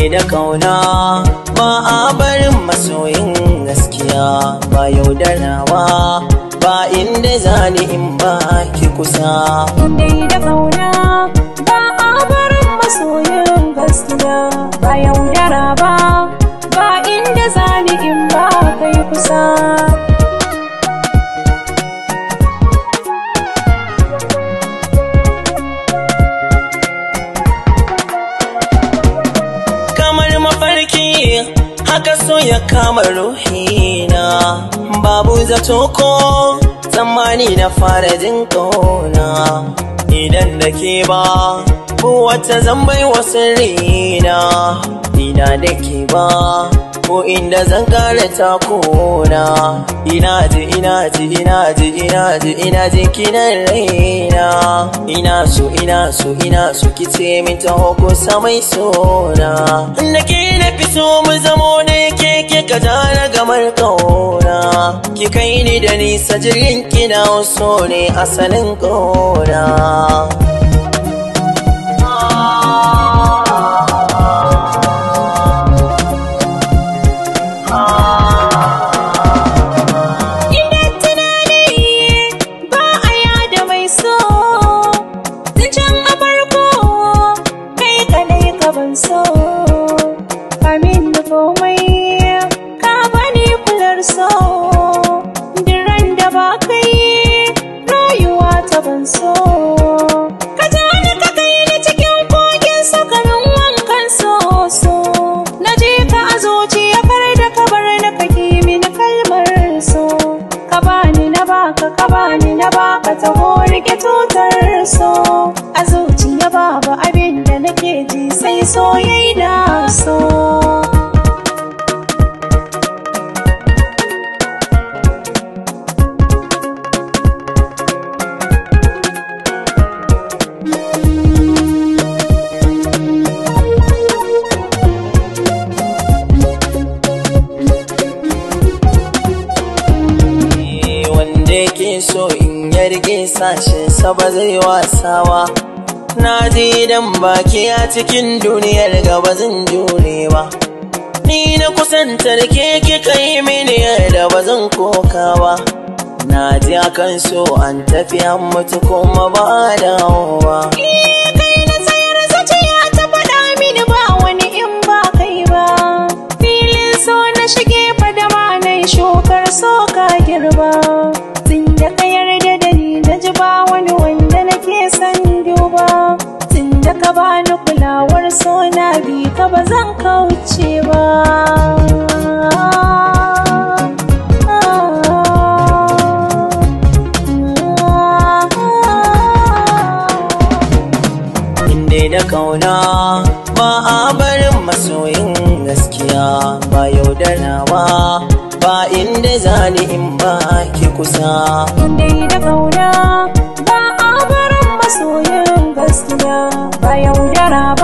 ne da kauna ba a barin masoyin gaskiya ba yaudarawa ba inda zani in ba ki kusa ne da kauna ba a barin masoyin gaskiya ba yaudara ba ba inda zani in ba kai kusa so ya kama ruhina babu zato ko tsammani na fara jin idan da ke ba wata zambai wasu rina ina da ke ba ko inda zan kare takona ina ji ina ji ina ji ina ji ina ji kinan raina ina so ina so ina so kice min taho hoko samai sona da ke na fi so mu zamo ne ke ke ka jana gamar kona ki kai ni da nisa jirgin kina so ne asalin kona ji sai soyayya da so. so in yarge sashen sa ba zai wasawa na ji dan baki a cikin duniyar gaba zan jure ba ni na kusantar ke kika yi mini da ba zan koka ba na ji akan so an tafi an mutu kuma ba dawowa da kauna ba a barin masoyin gaskiya ba yaudara ba inda zani in ba ke kusa inda da kauna ba a barin masoyin gaskiya ba yaudara ba